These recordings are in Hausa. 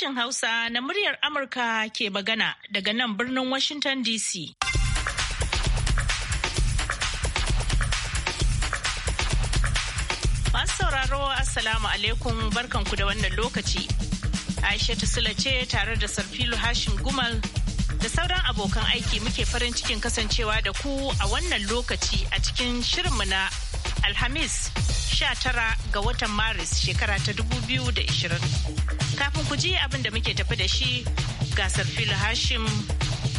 Sashen Hausa na muryar Amurka ke magana daga nan birnin Washington DC. Masu sauraro Assalamu alaikum barkanku da wannan lokaci. Aisha Sula ce tare da Sarfilu Hashim Gumal da sauran abokan aiki muke farin cikin kasancewa da ku a wannan lokaci a cikin shirinmu na Alhamis 19 ga watan Maris shekara ta 2020. Kafin ku ji abin da muke tafi da shi gasar fil Hashim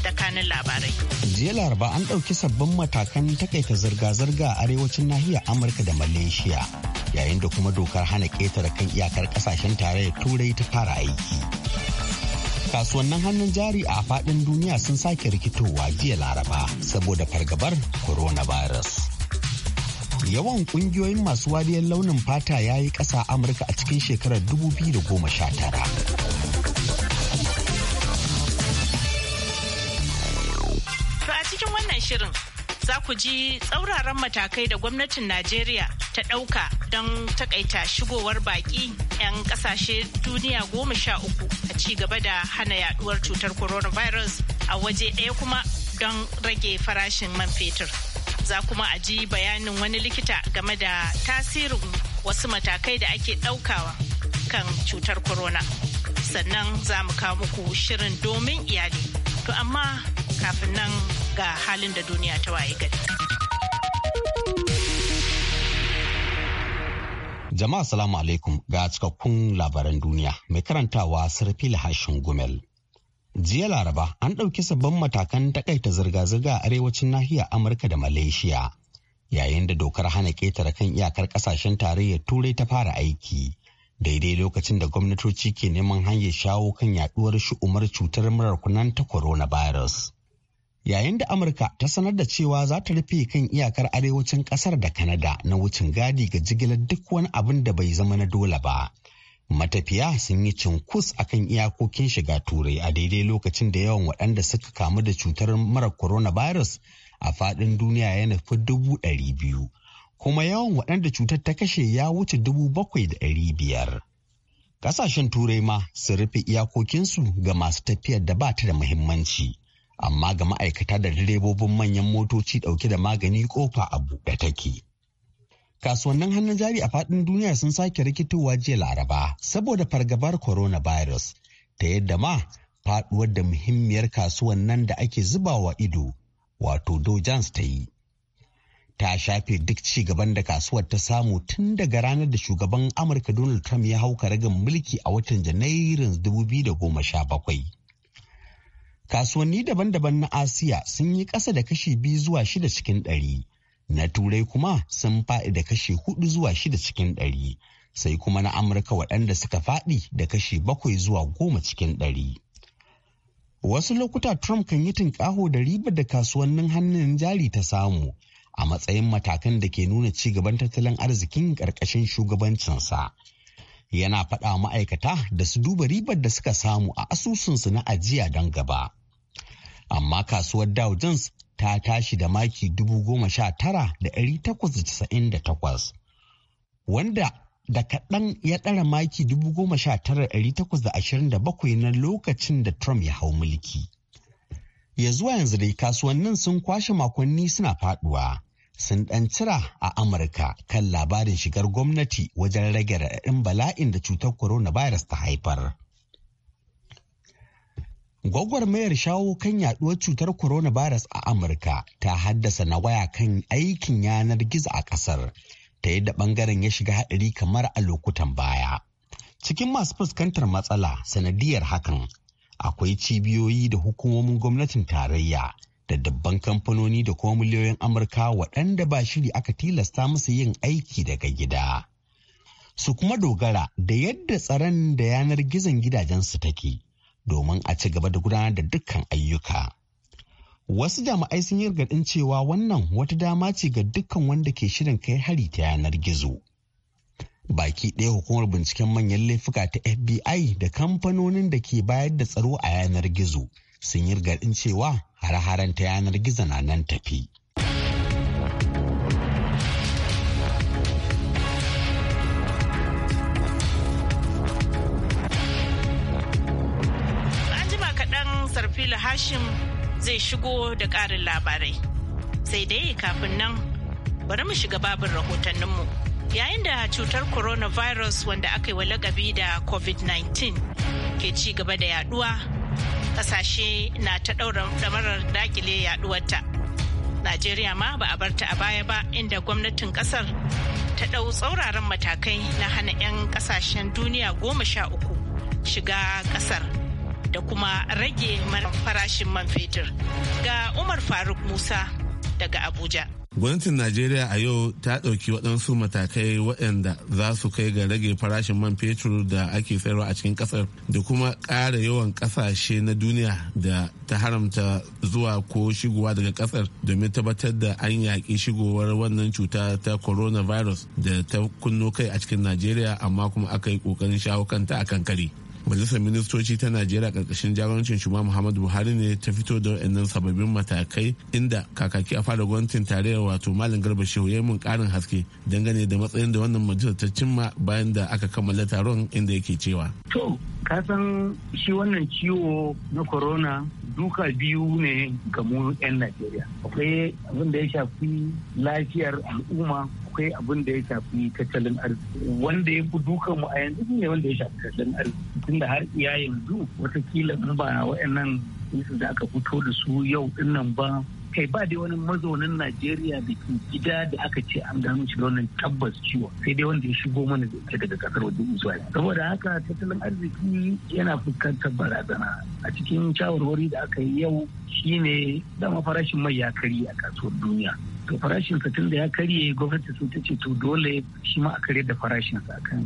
da kanin labarai. Jiya Laraba an ɗauki sabbin matakan takaita zirga-zirga a arewacin nahiyar Amurka da Malaysia yayin da kuma dokar hana ƙetare kan iyakar ƙasashen tarayyar Turai ta fara aiki. Kasuwannin hannun jari a faɗin duniya sun sake rikitowa jiya Laraba saboda fargabar coronavirus. yawan kungiyoyin masu wariyar launin fata ya yi ƙasa amurka a cikin shekarar 2019 cikin wannan shirin za ku ji tsauraran matakai da gwamnatin Najeriya ta ɗauka don takaita shigowar baƙi 'yan ƙasashe duniya goma sha uku a ci gaba da hana yaduwar cutar coronavirus a waje ɗaya kuma don rage farashin man fetur. za kuma a ji bayanin wani likita game da tasirin wasu matakai da ake ɗaukawa kan cutar corona. Sannan za mu kawo muku shirin domin iyali. To amma kafin nan ga halin da duniya ta waye gari. Jama'a salamu alaikum ga cikakkun labaran duniya mai karantawa Sarfila Hashin Gumel. jiya laraba an ɗauki sabbin matakan takaita zirga-zirga a arewacin nahiyar amurka da malaysia yayin da dokar hana ƙetare kan iyakar ƙasashen tarayyar turai ta fara aiki daidai lokacin da gwamnatoci ke neman hanyar shawo kan yaduwar shu'umar cutar murar kunan ta coronavirus yayin da amurka ta sanar da cewa za ta rufe kan iyakar arewacin ƙasar da Kanada na wucin gadi ga jigilar duk wani abin da bai zama na dole ba Matafiya sun yi cinkus a kan iyakokin shiga turai a daidai lokacin da yawan waɗanda suka kamu da cutar mara coronavirus a faɗin duniya ya nufi dubu ɗari biyu, kuma yawan waɗanda cutar ta kashe ya wuce dubu bakwai da ɗari biyar. Ƙasashen turai ma sun rufe iyakokinsu ga masu tafiyar da ba ta da muhimmanci, amma ga ma'aikata da direbobin manyan motoci ɗauke da magani kofa a buɗe take. kasuwannin hannun jari a faɗin duniya sun sake rikitowa jiya laraba saboda fargabar coronavirus ta yadda ma faɗuwar da muhimmiyar kasuwan nan da ake zubawa ido wato Dow Jones ta yi. Ta shafe duk ci gaban da kasuwar ta samu tun daga ranar da shugaban Amurka Donald Trump ya hauka ragan mulki a watan Janairun 2017. Kasuwanni daban-daban na Asiya sun yi ƙasa da kashi biyu zuwa shida cikin ɗari. na turai kuma sun faɗi da kashe hudu zuwa shida cikin ɗari sai kuma na amurka waɗanda suka faɗi da kashe bakwai zuwa goma cikin ɗari wasu lokuta trump kan yi tunƙaho da ribar da kasuwannin hannun jari ta samu a matsayin matakan da ke nuna ci gaban tattalin arzikin ƙarƙashin shugabancinsa yana faɗa ma'aikata da su duba ribar da suka samu a asusunsu na ajiya don gaba amma kasuwar dow jones ta tashi da maki dubu da takwas wanda da kaɗan ya ɗara maki dubu goma bakwai na lokacin da Trump ya hau mulki. Ya zuwa yanzu dai kasuwannin sun kwashe makonni suna faɗuwa. Sun ɗan cira a Amurka kan labarin shigar gwamnati wajen rage raɗaɗin bala'in da cutar coronavirus ta haifar. Gwagwarmayar shawo kan yaduwar cutar coronavirus a Amurka ta haddasa na waya kan aikin yanar gizo a kasar, ta yadda bangaren ya shiga haɗari kamar a lokutan baya. Cikin masu fuskantar matsala sanadiyar hakan, akwai cibiyoyi da hukumomin gwamnatin tarayya da dabban kamfanoni da kuma miliyoyin Amurka waɗanda ba shiri aka tilasta musu yin aiki daga gida. Su kuma dogara da yadda tsaron da yanar gizon gidajensu take. domin a ci gaba da gudanar da dukkan ayyuka. Wasu jami'ai sun yi gargaɗin cewa wannan wata dama ce ga dukkan wanda ke shirin kai hari ta yanar gizo. Baki ɗaya hukumar binciken manyan laifuka ta FBI da kamfanonin da ke bayar da tsaro a yanar gizo sun yi gargaɗin cewa hare-haren ta yanar gizo na nan tafi. Sarfila Hashim zai shigo da ƙarin labarai. Sai dai kafin nan bari mu shiga babin rahotanninmu. Yayin da cutar coronavirus wanda aka yi wa lagabi da COVID-19 ke ci gaba da yaduwa, ƙasashe na ta ɗaura ɗamarar dakile yaduwarta. Najeriya ma ba a barta a baya ba inda gwamnatin ƙasar ta ɗau tsauraran matakai na hana 'yan ƙasashen duniya goma sha uku shiga ƙasar. da kuma rage farashin man fetur. Ga Umar Faruk Musa daga Abuja. Gwamnatin Najeriya a yau ta ɗauki waɗansu matakai waɗanda za su kai ga rage farashin man fetur da ake sayarwa a cikin ƙasar da kuma ƙara yawan ƙasashe na duniya da ta haramta zuwa ko shigowa daga ƙasar domin tabbatar da an yaƙi shigowar wannan cuta ta coronavirus da ta kunno kai a cikin Najeriya amma kuma aka yi ƙoƙarin shawo kanta a kankare. majalisar ministoci ta najeriya karkashin jagorancin shuma muhammadu buhari ne ta fito da waɗannan sababbin matakai inda kakaki a fara gwamnatin tarayyar wato malam garba shehu ya mun karin haske dangane da matsayin da wannan majalisar ta cimma bayan da aka kammala taron inda yake cewa to kasan shi wannan ciwo na corona duka biyu ne ga mu 'yan najeriya akwai abin da ya shafi lafiyar al'umma akwai abin da ya shafi tattalin arziki wanda ya fi dukan mu a yanzu ne wanda ya shafi tattalin arziki da har iya yanzu watakila in ba waɗannan isu da aka fito da su yau dinnan ba kai ba dai wani mazaunin Najeriya da ke gida da aka ce an gano shi wannan tabbas ciwo sai dai wanda ya shigo mana da daga kasar waje zuwa saboda haka tattalin arziki yana fuskantar barazana a cikin shawarwari da aka yi yau shine dama farashin mai ya kari a kasuwar duniya to farashin sa tun da ya karye gwamnati sun ce to dole shi ma a karye da farashin sa akan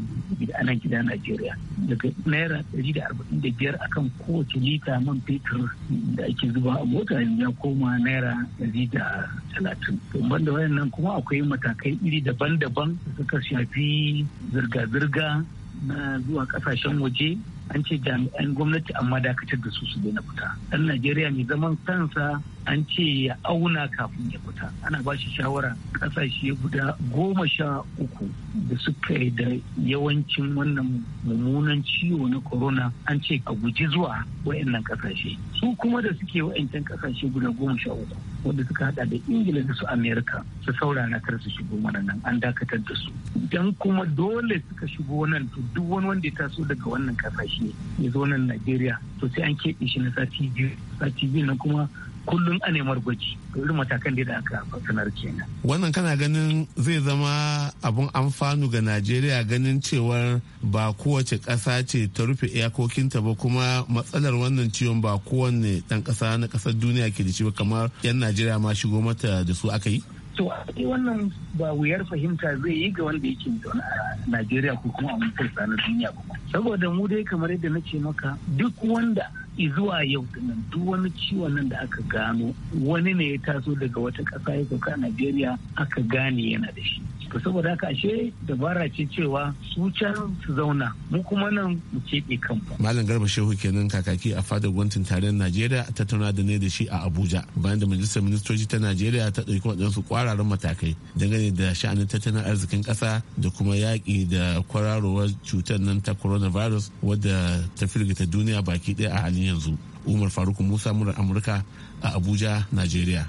anan gida Najeriya daga naira ɗari da arba'in da biyar akan kowace lita man fetur da ake zuba a mota ya koma naira ɗari da talatin to banda wayannan kuma akwai matakai iri daban-daban da suka shafi zirga-zirga na zuwa kasashen waje an ce jami'an gwamnati amma dakatar da su su daina fita dan najeriya mai zaman kansa an ce ya auna kafin ya fita ana ba shi shawara kasashe guda goma sha uku da suka yi da yawancin wannan mummunan ciwo na corona an ce a guji zuwa wayannan kasashe su kuma da suke wayancan kasashe guda goma sha uku wanda suka hada da ingila da su amerika su saurana kar su shigo mana nan an dakatar da su dan kuma dole suka shigo nan to duk wani wanda ya taso daga wannan kasashe ya zo nan najeriya to sai an keɓe shi na sati biyu sati biyu na kuma kullum a anemar gwaji irin matakan da aka sanar kenan wannan kana ganin zai zama abun amfanu ga najeriya ganin cewar ba kowace ƙasa ce ta rufe iyakokinta ba kuma matsalar wannan ciwon ba kowanne ɗan ƙasa na ƙasar duniya ke da shi ba kamar 'yan najeriya ma shigo mata da su aka yi to a wannan ba wuyar fahimta zai yi ga wanda yake zaune a najeriya ko kuma a mutum duniya ba saboda mu dai kamar yadda na ce maka duk wanda zuwa yau dinnan duk wani ciwon nan da aka gano wani ne ya taso daga wata ƙasa ya sauka a Najeriya aka gane yana da shi. To saboda haka ashe dabara ce cewa su can su zauna mu kuma nan mu keɓe kanmu. Malam Garba Shehu kenan kakaki a fadar gwamnatin tarayyar Najeriya tattauna da ne da shi a Abuja bayan da majalisar ministoci ta Najeriya ta ɗauki waɗansu kwararan matakai dangane da sha'anin tattalin arzikin ƙasa da kuma yaƙi da kwararowar cutar nan ta coronavirus wadda ta firgita duniya baki ɗaya a hali yanzu umar faruk musa murar amurka a abuja nigeria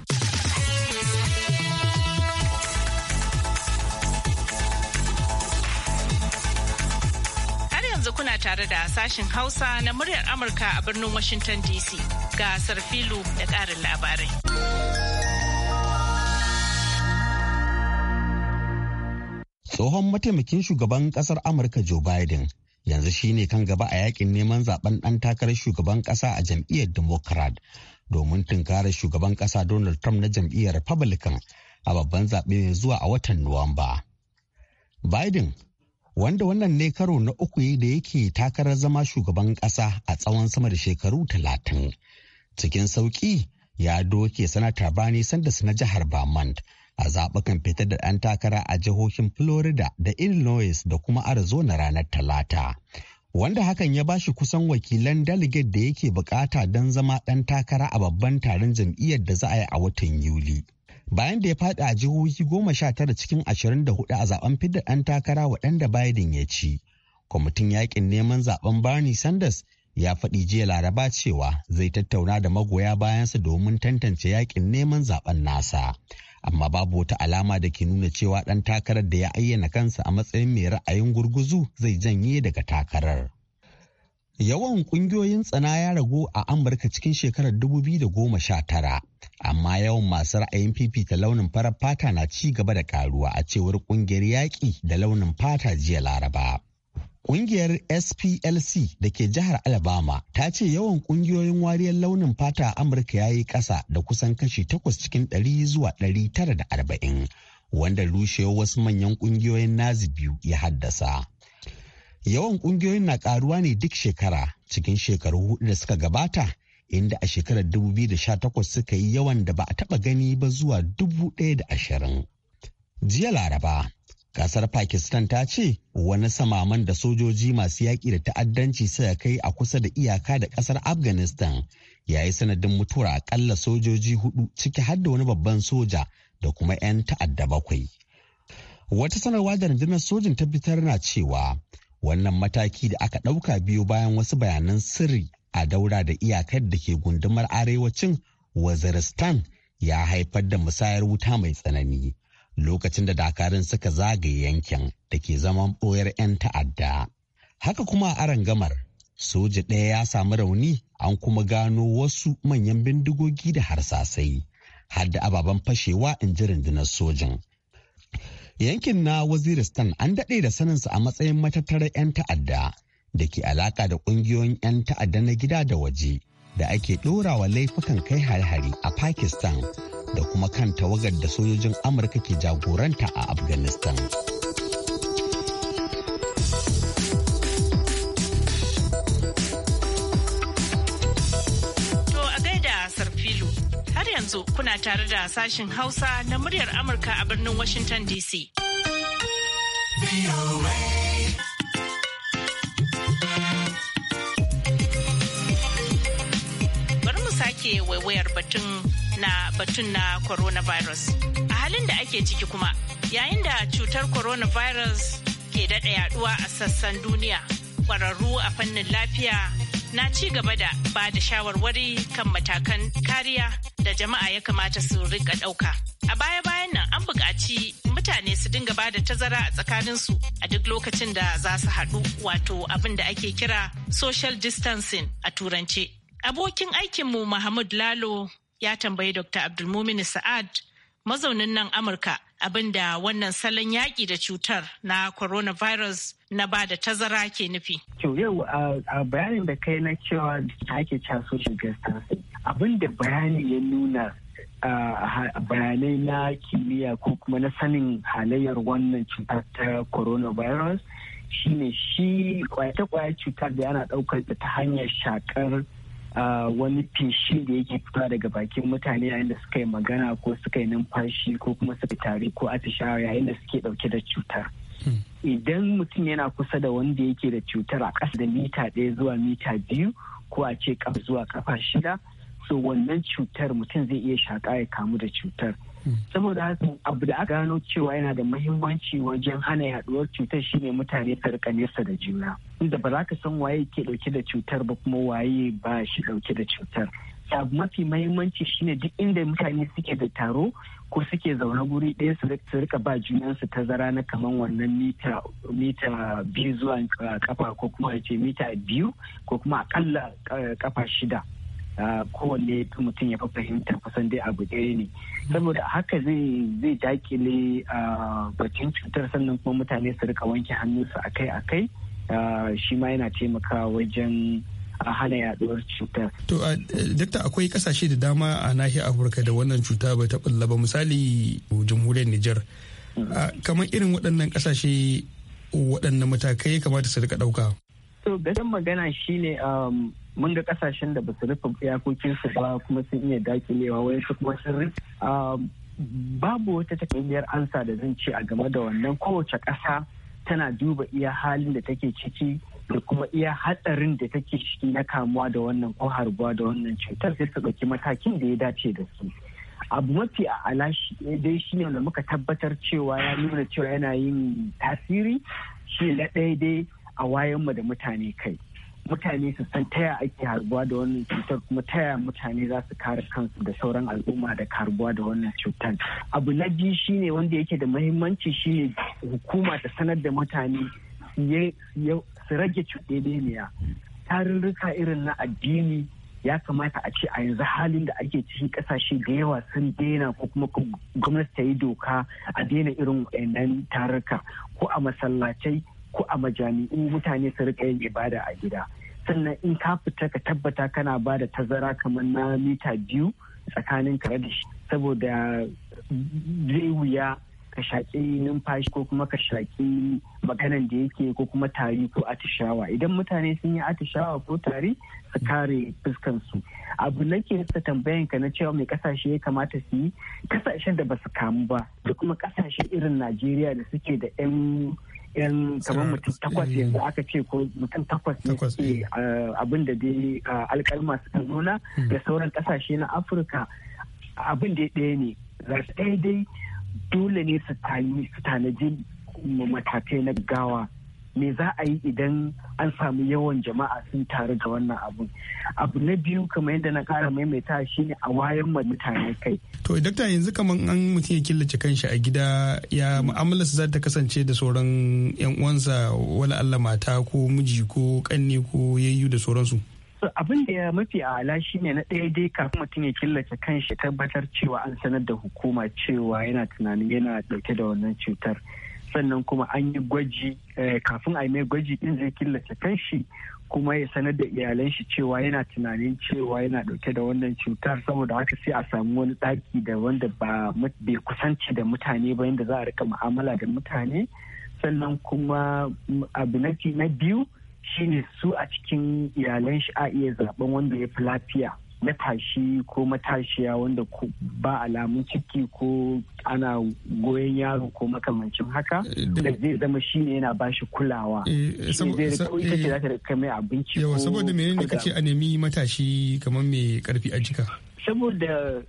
kuna tare da sashin hausa na muryar amurka a birnin washington dc ga sarfilu da ƙarin labarai tsohon mataimakin shugaban kasar amurka joe biden yanzu shine kan gaba a yakin neman zaben ɗan takarar shugaban ƙasa a jam'iyyar democrat domin tunkarar shugaban ƙasa donald trump na jam'iyyar republican a babban zaɓe mai zuwa a watan nuwamba biden wanda wannan ne karo na uku da yake takarar zama shugaban ƙasa a tsawon sama da shekaru talatin cikin sauƙi ya doke sanata bani sanders na jihar vermont a zaɓukan fitar da ɗan takara a jihohin Florida da Illinois da kuma Arizona ranar Talata. Wanda hakan ya bashi kusan wakilan delegate da yake bukata don zama ɗan takara a babban taron jam'iyyar da za a yi a watan Yuli. Bayan da ya faɗi a jihohi goma sha tara cikin ashirin da hudu a zaben fidda ɗan takara waɗanda Biden ya ci. Kwamitin yakin neman zaben Bernie Sanders ya faɗi jiya laraba cewa zai tattauna da magoya bayansa domin tantance yakin neman zaben nasa amma babu wata alama da ke nuna cewa ɗan takarar da ya ayyana kansa a matsayin mai ra'ayin gurguzu zai janye daga takarar. Yawan ƙungiyoyin tsana ya ragu a Amurka cikin shekarar 2019, amma yawan masu ra'ayin fifita launin farar fata na ci gaba da karuwa a cewar ƙungiyar yaƙi da launin fata jiya Laraba. Ƙungiyar SPLC da ke jihar Alabama ta ce yawan ƙungiyoyin wariyar launin fata a Amurka ya yi ƙasa da kusan kashi takwas cikin ɗari zuwa ɗari tara da arba'in, wanda rushewar wasu manyan ƙungiyoyin nazi biyu ya haddasa. Yawan ƙungiyoyin na ƙaruwa ne duk shekara cikin shekaru hudu da suka gabata, inda a shekarar da sha 2018 suka yi yawan da ba a taɓa gani ba zuwa dubu ɗaya da ashirin. Jiya Laraba, Kasar Pakistan ta ce wani samaman da sojoji masu yaƙi da ta'addanci suka kai a kusa da iyaka da ƙasar Afghanistan ya yi sanadin mutuwar akalla sojoji hudu ciki har da wani babban soja da kuma 'yan ta'adda bakwai. Wata sanarwa da rundunar sojin ta fitar na cewa wannan mataki da aka ɗauka biyu bayan wasu bayanan sirri a daura da iyakar da ke gundumar arewacin Waziristan ya haifar da musayar wuta mai tsanani. lokacin da dakarun suka zagaye yankin da ke zaman ɓoyar 'yan ta'adda. Haka kuma a gamar, soja ɗaya ya samu rauni an kuma gano wasu manyan bindigogi da harsasai, har da ababen fashewa in ji rundunar sojin. Yankin na Waziristan an daɗe da saninsa a matsayin matattarar 'yan ta'adda da ke alaƙa da ƙungiyoyin 'yan ta'adda na gida da waje. da ake ɗorawa laifukan kai hari hari a Pakistan da kuma kan tawagar da sojojin Amurka ke jagoranta a Afghanistan. yanzu kuna tare da sashin Hausa na muryar Amurka a birnin Washington DC. ke waiwayar batun na batun na coronavirus. A halin da ake ciki kuma, yayin da cutar coronavirus ke daɗa yaɗuwa a sassan duniya, ƙwararru a fannin lafiya na ci gaba da ba da shawarwari kan matakan kariya da jama'a ya kamata su rika ɗauka. A baya-bayan nan an buƙaci mutane su dinga ba da tazara a tsakaninsu a duk lokacin da za su haɗu wato abin da ake kira social distancing a turance. Abokin aikinmu Mahmud Lalo ya tambayi Dr. Abdulmumin Sa'ad mazaunin nan Amurka abinda wannan salon yaƙi da cutar na coronavirus na ba da tazara ke nufi. yau a bayanin da kai na cewa ake cewa social abin da bayani ya nuna bayanai na kimiyya ko kuma na sanin halayyar wannan cutar ta coronavirus shine shi ta kwayar cutar da yana daukar ta hanyar shakar wani feshi da yake fita daga bakin mutane yayin da suka yi magana ko suka yi numfashi ko kuma suka tari ko atishawa yayin da suke dauke da cutar hmm. idan mutum yana kusa da wanda yake da cutar a ƙasa da mita ɗaya zuwa mita biyu ko a ce ƙafa zuwa ƙafa shida so wannan cutar mutum zai iya shaƙa ya kamu da cutar saboda haka abu da aka gano cewa yana da mahimmanci wajen hana yaduwar cutar shine mutane su rika nesa da juna inda ba za ka san waye ke dauke da cutar ba kuma waye ba shi dauke da cutar abu mafi mahimmanci shine duk inda mutane suke da taro ko suke zaune guri ɗaya su rika ba junansu zara na kaman wannan mita mita biyu zuwa ah, kafa ko kuma ce mita biyu ko kuma akalla ah, kafa shida kowanne mutum ya fi fahimta kusan dai abu ɗaya ne saboda haka zai zai dakile bakin cutar sannan kuma mutane su rika wanke hannunsu akai-akai shi ma yana taimakawa wajen hana yaduwar cutar. To, dakta akwai kasashe da dama a nahiyar Afirka da wannan cuta bai ta bulla ba misali jamhuriyar Nijar. Kamar irin waɗannan kasashe waɗannan matakai kamata su rika ɗauka. so gadon magana shine um, mun ga kasashen da ba su rufe iyakokinsu ba kuma sun iya dakilewa wai su kuma sun um, babu wata takamaimiyar ansa da zan ce a game da wannan kowace kasa tana duba iya halin da take ciki da kuma iya hatsarin da take ciki na kamuwa da wannan ko harbuwa da wannan cutar sai su ɗauki matakin da ya dace da su abu mafi a alashi dai shi ne da muka tabbatar cewa ya nuna cewa yana yin tasiri shi na ɗaya dai a wayan mu da mutane kai mutane su san taya ake harbuwa da wannan cutar kuma taya mutane za su kare kansu da sauran al'umma da karbuwa da wannan cutar abu na biyu shine wanda yake da mahimmanci shine hukuma ta sanar da mutane su rage cuɗeɗeniya tarurruka irin na addini ya kamata a ce a yanzu halin da ake cikin kasashe da yawa sun daina ko kuma gwamnati ta yi doka a daina irin wayannan tarurruka ko a masallacai ko a majami'u mutane su rika yin ibada a gida sannan in ka fita ka tabbata kana ba da tazara kamar na mita biyu tsakanin ka da shi saboda zai wuya ka shaƙi numfashi ko kuma ka shaƙi maganan da yake ko kuma tari ko atishawa idan mutane sun yi atishawa ko tari su kare fuskansu abu na ke nasa tambayan ka na cewa mai kasashe ya kamata su yi kasashen da ba su kamu ba da kuma kasashe irin najeriya da suke da 'yan yan kamar mutum takwas yanzu eh. aka ce ko mutum takwas ne ke eh. eh, abin da dai alkalma suka nuna hmm. da sauran kasashe na afirka abin da ɗaya ne ɗaya dai dole ne su tanaji matakai na gawa me za a yi idan an samu yawan jama'a sun taru ga wannan abun abu na biyu kamar yadda na kara maimaita shine a wayan ma mutane kai to dakta yanzu kamar an mutum ya killace kanshi a gida ya mu'amalarsa za ta kasance da sauran yan uwansa wala Allah mata ko miji ko kanne ko yayyu da sauransu abin da ya mafi ala shine na ɗaya dai kafin mutum ya killace kanshi tabbatar cewa an sanar da hukuma cewa yana tunanin yana ɗauke da wannan cutar sannan kuma an yi gwaji eh, kafin a yi mai gwaji din zai killace shi kuma ya sanar da iyalan shi cewa yana tunanin cewa yana dauke da wannan cutar saboda haka sai a samu wani daki da wanda ba bai kusanci da mutane ba yadda za a rika mu'amala da mutane sannan kuma abu na biyu shine su a cikin iyalan shi a iya zaben wanda ya fi lafiya matashi ko matashiya wanda ba alamun ciki ko ana goyon yaro ko makamancin haka eh, da zai zama shi ne yana bashi kulawa yawa saboda ne kace a nemi matashi kamar mai karfi a jika saboda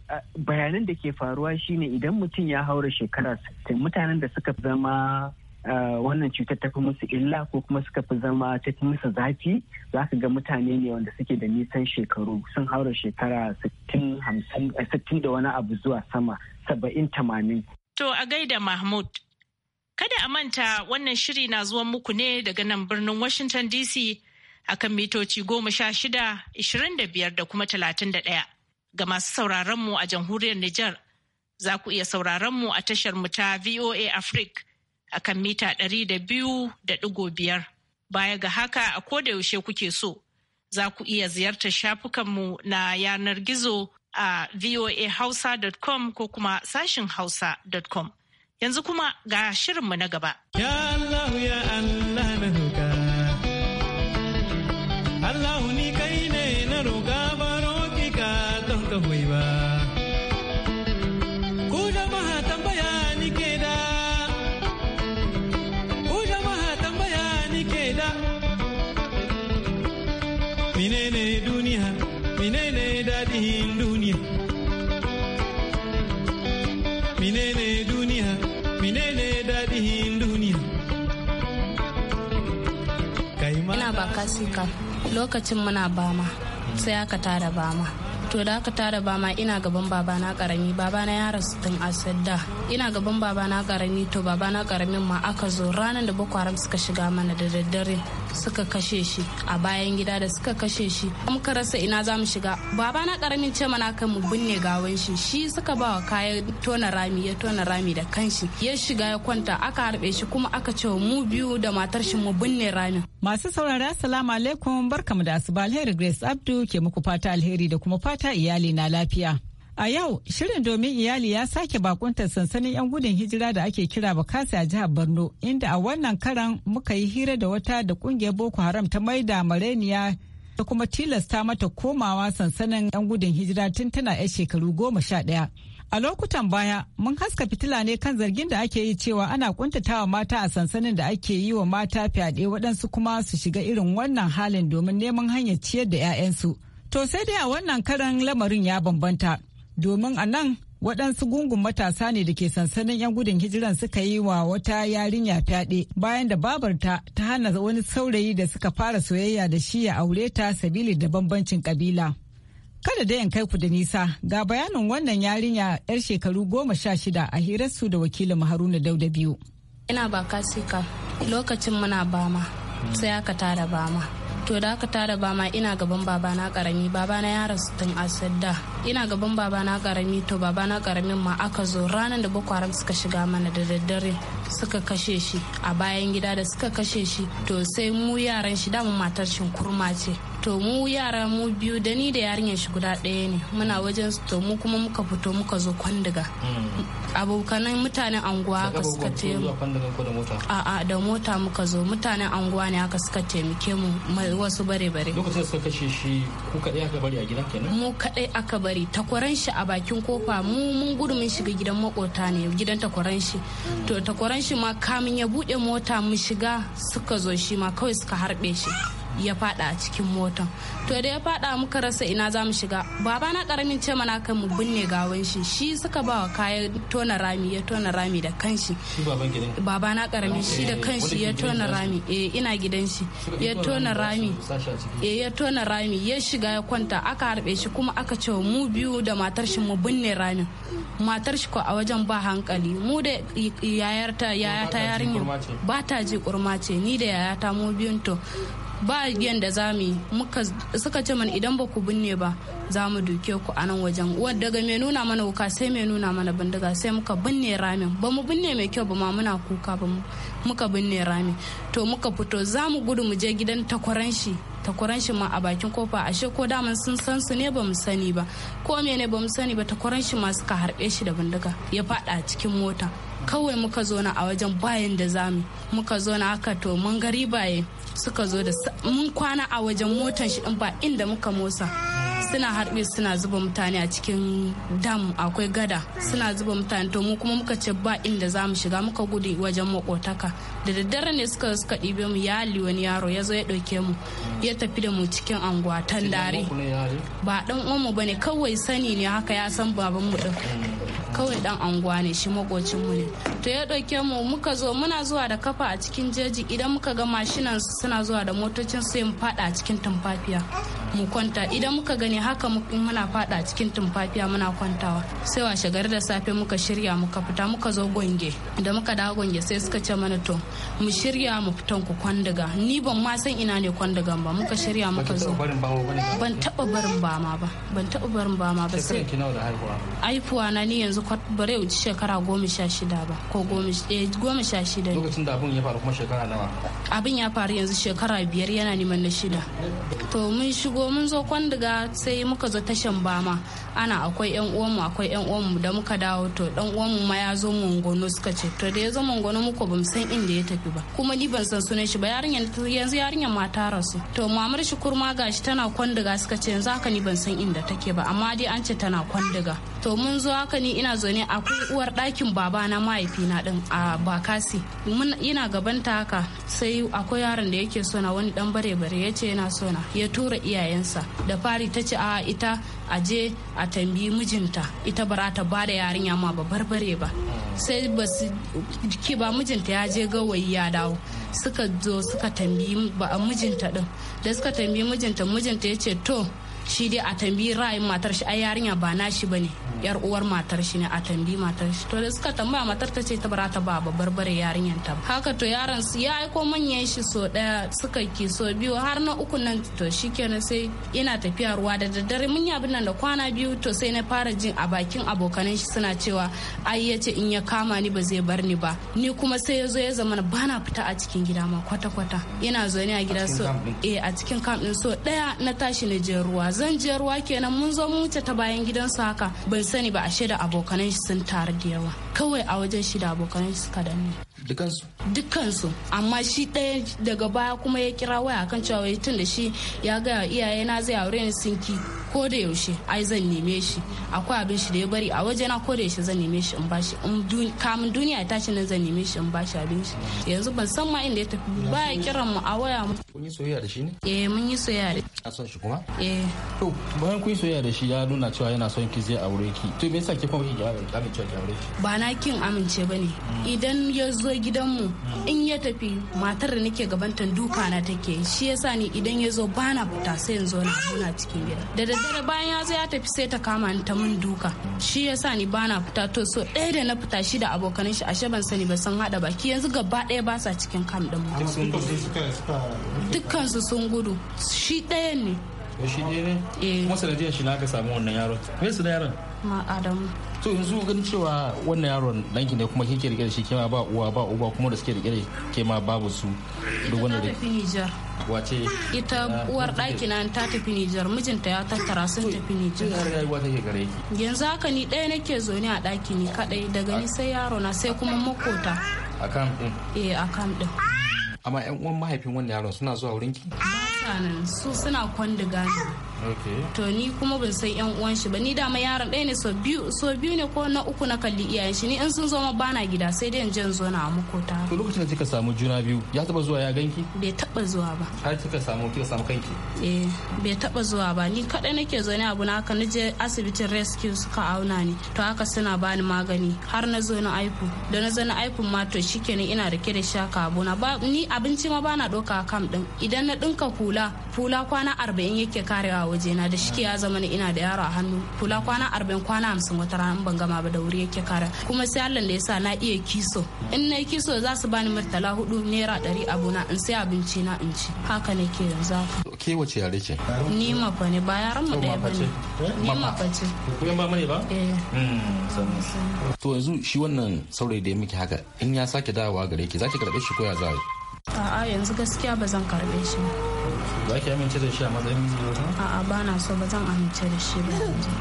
bayanan da ke faruwa shine idan mutum ya haura shekara 60 mutanen da suka zama Eh, wannan cutar ta fi musu illa ko kuma suka fi zama ta fi musu zafi za ka ga mutane ne wanda suke da nisan shekaru sun haura shekara 60 eh, da wani abu zuwa sama 70 tamanin. To a gaida Mahmud. Kada a manta wannan shiri na zuwan muku ne daga nan birnin Washington DC akan mitoci goma sha shida, ishirin da biyar da kuma talatin da ɗaya. Ga masu sauraron mu a jamhuriyar Nijar, za ku iya sauraron mu a tashar mu ta VOA Africa akan mita ɗari da biyu da ɗigo biyar. Baya ga haka a koda yaushe kuke so za ku iya ziyartar shafukanmu na yanar gizo a voahausa.com ko kuma sashin hausa.com. Yanzu kuma ga shirinmu na gaba. Ya Allah ya Allah. muna ba ka lokacin muna bama sai aka tara bama to da aka tara bama ina gaban babana karami babana ya rasu tun asadda ina gaban babana karami to babana karamin ma aka zo ranar da bukwaram suka shiga mana da daddare suka kashe shi a bayan gida da suka kashe shi muka rasa ina za mu shiga baba na karamin ce mana kan mu binne gawan shi shi suka ba wa kayan tona rami ya tona rami da kanshi ya shiga ya kwanta aka harbe shi kuma aka ce mu biyu da matar shi mu binne rami. masu saurara assalamu alaikum barkamu da asuba alheri grace abdu ke muku fata alheri da kuma fata iyali na lafiya A yau, shirin domin iyali ya sake bakuntar sansanin 'yan gudun hijira da ake kira Bakasi a jihar Borno, inda a wannan karan muka yi hira da wata da kungiyar Boko Haram ta maida mareniya ta kuma tilasta mata komawa sansanin 'yan gudun hijira tun tana 'yan shekaru goma sha ɗaya. A lokutan baya, mun haska fitila ne kan zargin da ake yi cewa ana kuntatawa mata a sansanin da ake yi wa mata fyaɗe waɗansu kuma su shiga irin wannan halin domin neman hanyar ciyar da 'ya'yansu. To sai dai a wannan karan lamarin ya bambanta. domin a nan waɗansu gungun matasa ne da ke sansanin 'yan gudun hijiran suka yi wa wata yarinya fyaɗe bayan da babarta ta hana wani saurayi da suka fara soyayya da shi ya aure ta sabili da bambancin kabila. Kada da yan kai ku da nisa ga bayanin wannan yarinya 'yar shekaru goma sha shida a hirarsu da wakilin Haruna Dauda biyu. Ina ba kasika lokacin muna bama sai aka tara bama. to da aka tara ba ma ina gaban babana karami babana ya rasu tun asadda ina gaban babana karami to babana karamin ma aka zo ranar da boko suka shiga mana da daddare suka kashe shi a bayan gida da suka kashe shi to sai mu yaran shi damu matar shin kurma ce to mu yara mu biyu da ni da yarinyar shi guda ɗaya ne muna wajen to mu kuma muka fito muka zo kwandiga abokanan mutanen anguwa haka suka ce mu a'a da mota muka zo mutanen anguwa ne aka suka taimake mu wasu bare bare lokacin suka kashe shi ku kadai aka bari a gida kenan mu kadai aka bari takwaran shi a bakin kofa mu mun gudu mun shiga gidan makota ne gidan takwaran shi to takwaran shi ma kamin ya bude mota mu shiga suka zo shi ma kawai suka harbe shi ya fada a cikin mota to da ya fada muka rasa ina za mu shiga baba na karamin ce mana kan mu binne gawan shi shi suka ba wa kayan tona rami ya tona rami da kanshi baba na karamin shi da eh, kanshi ya tona rami eh ina gidan shi ya tona rami eh ya tona rami ya shiga ya kwanta aka harbe shi kuma aka ce mu biyu da matar shi mu binne ramin matar shi ko a wajen ba hankali mu da yayarta yayata yarinya ba ta ji kurma ce ni da yayata mu biyun to ba yadda za mu yi suka ce mana idan ba ku binne ba za mu duke ku a nan wajen daga mai nuna mana wuka sai mai nuna mana bindiga sai muka binne ramin ba mu binne mai kyau ba ma muna kuka ba muka binne ramin to muka fito za mu gudu mu je gidan takwaran shi ma a bakin kofa ashe ko daman sun san su ne ba mu sani ba ko mene mu sani ba takwaran ma suka harbe shi da bindiga ya fada cikin mota kawai muka zona a wajen bayan da zamu muka zona haka to mun gari baye suka zo da mun kwana a wajen motan shi ba inda muka motsa suna harbe suna zuba mutane a cikin dam akwai gada suna zuba mutane to mu kuma muka ce ba inda zamu shiga muka gudu wajen makotaka da daddare ne suka suka ɗibe mu yali wani yaro ya zo ya ɗauke mu ya tafi da mu cikin anguwa dare ba ɗan mu bane kawai sani ne haka ya san baban mu ɗin kawai dan anguwa ne shi makocin mu ne to ya dauke mu muka zo muna zuwa da kafa a cikin jeji idan muka ga mashinan suna zuwa da motocin sai mu fada a cikin tumfafiya mu kwanta idan muka gani haka muna fada cikin tumfafiya muna kwantawa sai washe gari da safe muka shirya muka fita muka zo gonge da muka dawo gonge sai suka ce mana to mu shirya mu fitan ku kwandiga ni ban ma san ina ne kwandigan ba muka shirya muka zo ban taba barin ba ma ba ban taba barin ba ma ba sai aifuwa na ni yanzu bare wuce shekara goma sha shida ba ko goma eh, sha shida ne lokacin da abin ya faru kuma shekara nawa abin ya faru yanzu shekara biyar yana neman na shida to mun shigo shigo mun zo kwandiga sai muka zo tashan bama ana akwai yan uwanmu akwai yan uwanmu da muka dawo to dan uwanmu ma ya zo mongono suka ce to da ya zo mongono muku bamu san inda ya tafi ba kuma ni ban san sunan shi ba yarinyar yanzu yarinya ma ta rasu to mamar shi kurma gashi tana kwandiga suka ce yanzu haka ni ban san inda take ba amma dai an ce tana kwandiga to mun zo haka ni ina zo ne akwai uwar ɗakin baba na mahaifina din a bakasi mun ina gabanta haka sai akwai yaron da yake so na wani dan bare bare yace yana sona ya tura iyaye iyayensa da fari ta ce a ita a je a tambayi mijinta ita ba ta ba da yarinya ma ba barbare ba sai ba su ba mijinta ya je gawayi ya dawo suka zo suka tambayi mijinta din da suka tambayi mijinta mijinta ya ce to shi dai a tambayi ra'ayin matar shi ai yarinya ba nashi bane yar uwar matar shi ne a tambayi matar shi to da suka tambaya matar ta ce ta bara ta ba barbare bare yarinyar ta haka to yaran su ya aiko manyan shi so daya suka ki so biyu har na uku nan to shikenan sai ina tafiya ruwa da daddare mun yi nan da kwana biyu to sai na fara jin a bakin abokanan shi suna cewa ai yace in ya kama ni ba zai bar ni ba ni kuma sai ya zo ya zama bana fita a cikin gida ma kwata kwata ina zo ne a gida so eh a cikin kam so daya na tashi na je ruwa zan zanjiyar ruwa kenan mun zo mu wuce ta bayan gidansu haka bai sani ba ashe da abokanan shi sun taru da yawa kawai a wajen shi da abokanan shi suka danne dukansu dukansu amma shi ɗaya daga baya kuma ya kira waya kan cewa tun da shi ya ga iyaye na zai aure ni sinki. ko da yaushe ai zan neme shi akwai abin shi da ya bari a wajena ko da yaushe zan neme shi in bashi in kamun duniya ta ce nan zan neme shi in bashi abin shi yanzu ban san ma inda ya tafi ba ya kiran mu a waya mu kun yi soyayya da shi ne eh mun yi soyayya da shi. a son shi kuma eh to bayan kun yi soyayya da shi ya nuna cewa yana son ki zai aure ki to me yasa ki kuma kike amince ki aure ki ba na kin amince bane hmm. idan ya zo gidanmu hmm. in ya tafi matar da nake gabantan duka na take shi yasa ni idan ya zo bana fita sai in zo na cikin gida da daddare bayan ya zo ya tafi sai ta kama ni ta mun duka shi ya sa ni bana fita to so ɗaya da na fita shi da abokanin shi ashe ban sani ba sun ba baki yanzu gaba ɗaya ba sa cikin kam ɗin mu dukkan su sun gudu shi ɗaya ne shi ɗaya ne eh. kuma sanadiyar shi na aka samu wannan yaron me su yaron ma adamu to yanzu ganin cewa wannan yaron danki ne kuma kike rike da shi kema ba uwa ba uba kuma da suke rike da kema babu su duk wanda da Niger wace ita uwar daki na ta tafi Niger mijinta ya tattara sun tafi Niger rayuwa take gare ki yanzu haka ni ɗaya nake zaune a daki ni kadai daga ni sai yaro na sai kuma makota akam din eh akam din amma yan uwan mahaifin wannan yaron suna zuwa wurinki ba sanan su suna kwandiga ne to ni kuma ban san yan uwan shi ba ni dama yaron ɗaya ne so biyu so biyu ne ko na uku na kalli iyayen shi ni in sun zo ma bana gida sai dai in je in zo na makota to lokacin da kika samu juna biyu ya taba zuwa ya ganki bai taba zuwa ba har kika samu kika samu kanki eh bai taba zuwa ba ni kadai nake zo ne abu na haka je asibitin rescue suka auna ni to haka suna bani magani har na zo na aiku da na zo na aiku ma to shikenan ina rike da shaka abu ba ni abinci ma bana doka kam din idan na dinka hula hula kwana 40 yake karewa wajena da shike ya zama ina da yaro a hannu kula kwana arba'in kwana hamsin wata rana in ban gama ba da wuri yake kara kuma sai Allah da yasa na iya kiso in na kiso za su bani murtala hudu naira ɗari abuna in sai abinci na in ci haka ne ke yanzu ke wace yare ce? ni mafa ne ba yaran mu ɗaya ba ne ni mafa ce. ku ba ba ne ba? Eh. Hmm, to yanzu shi wannan saurayi da ya miki haka in ya sake dawowa gare ki za ki karɓe shi ko ya za a'a yanzu gaskiya ba zan karɓe shi ba. ba ki amince da shi a matsayin miji ba a'a ba na so ba zan amince da shi ba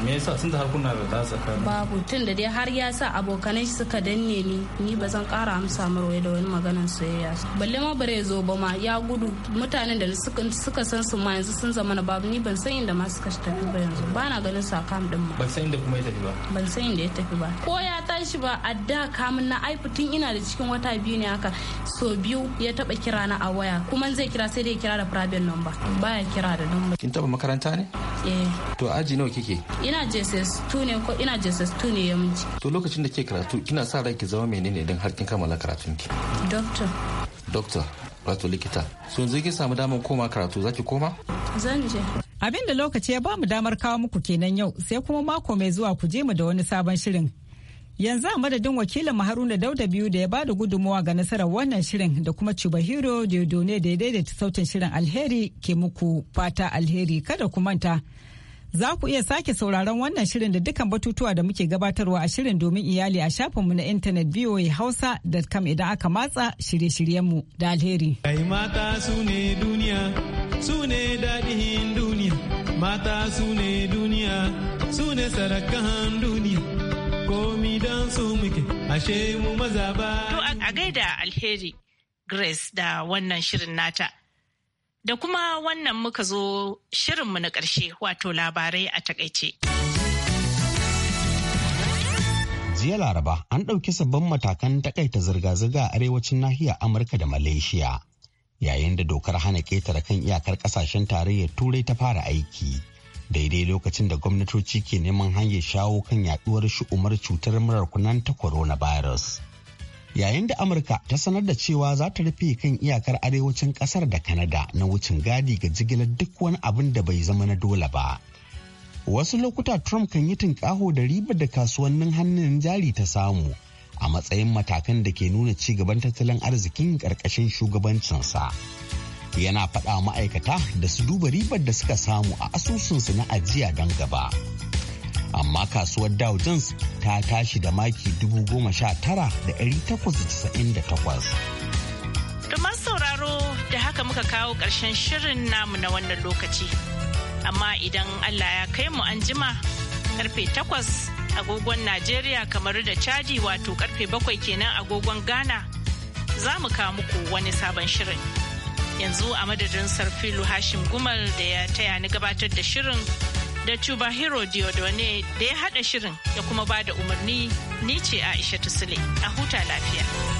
me yasa sun da harkuna da ta tsakanin babu tun da dai har ya sa abokanai shi suka danne ni ni ba zan kara amsa marwaye da wani maganan soyayya balle ma bare zo ba ma ya gudu mutanen da suka san su ma yanzu sun zama na babu ni ban san inda ma suka tafi ba yanzu ba na ganin kam din ma ban san inda kuma ya tafi ba ban san inda ya tafi ba ko ya tashi ba a da kamun na aifu tun ina da cikin wata biyu ne haka so biyu ya taba kira na a waya kuma zai kira sai dai kira da private ba baya kira da namba kin taba makaranta ne eh to aji nawa kike ina jss 2 ne ko ina jss 2 ne yawanci to lokacin da ke karatu kina sa ranki zama menene idan har kin kammala karatun ki doctor doctor wato likita so yanzu kin samu damar koma karatu zaki koma zan je abin da lokaci ya ba mu damar kawo muku kenan yau sai kuma mako mai zuwa ku je mu da wani sabon shirin Yanzu a madadin wakilin Haruna Dauda biyu da ya bada gudummawa ga nasarar wannan shirin da kuma Chubahiro Diodone da ya daidaita sautin shirin alheri ke muku fata alheri kada ku manta. Za ku iya sake sauraron wannan shirin da dukkan batutuwa da muke gabatarwa a shirin domin iyali a shafinmu na intanet hausa da kam idan aka matsa shirye-shiryenmu da alheri. Kai mata su ne duniya, su ne daɗin duniya, mata su ne duniya, su ne duniya. komi don su muke ashe mu maza ba. To a gaida alheri Grace da wannan shirin nata. Da kuma wannan muka zo shirinmu na ƙarshe wato labarai a takaice. Jiya Laraba an ɗauki sabbin matakan takaita zirga-zirga a arewacin nahiyar Amurka da Malaysia. Yayin da dokar hana ƙetare kan iyakar ƙasashen tarayyar Turai ta fara aiki. daidai lokacin da gwamnatoci ke neman hanyar shawo kan yaduwar shu'umar cutar murar kunan ta coronavirus. Yayin da Amurka ta sanar da cewa za ta rufe kan iyakar arewacin kasar da Kanada na wucin gadi ga jigilar duk wani abin da bai zama na dole ba. Wasu lokuta Trump kan yi tunƙaho da ribar da kasuwannin hannun jari ta samu a matsayin matakan da ke nuna ci gaban tattalin arzikin ƙarƙashin shugabancinsa. yana faɗa ma'aikata da su duba ribar da suka samu a asusunsu na ajiya don gaba. Amma kasuwar Dow Jones ta tashi da maki 19,898. Kamar sauraro da haka muka kawo ƙarshen shirin namu na wannan lokaci. Amma idan Allah ya kai mu an jima karfe takwas agogon Najeriya kamar da caji wato karfe bakwai kenan agogon Ghana za mu kawo muku wani sabon shirin. yanzu a madadin sarfilu hashim gumal da ya taya ni gabatar da shirin da tuba hero diodone da ya hada shirin ya kuma ba da umarni ni ce aisha tusule a huta lafiya.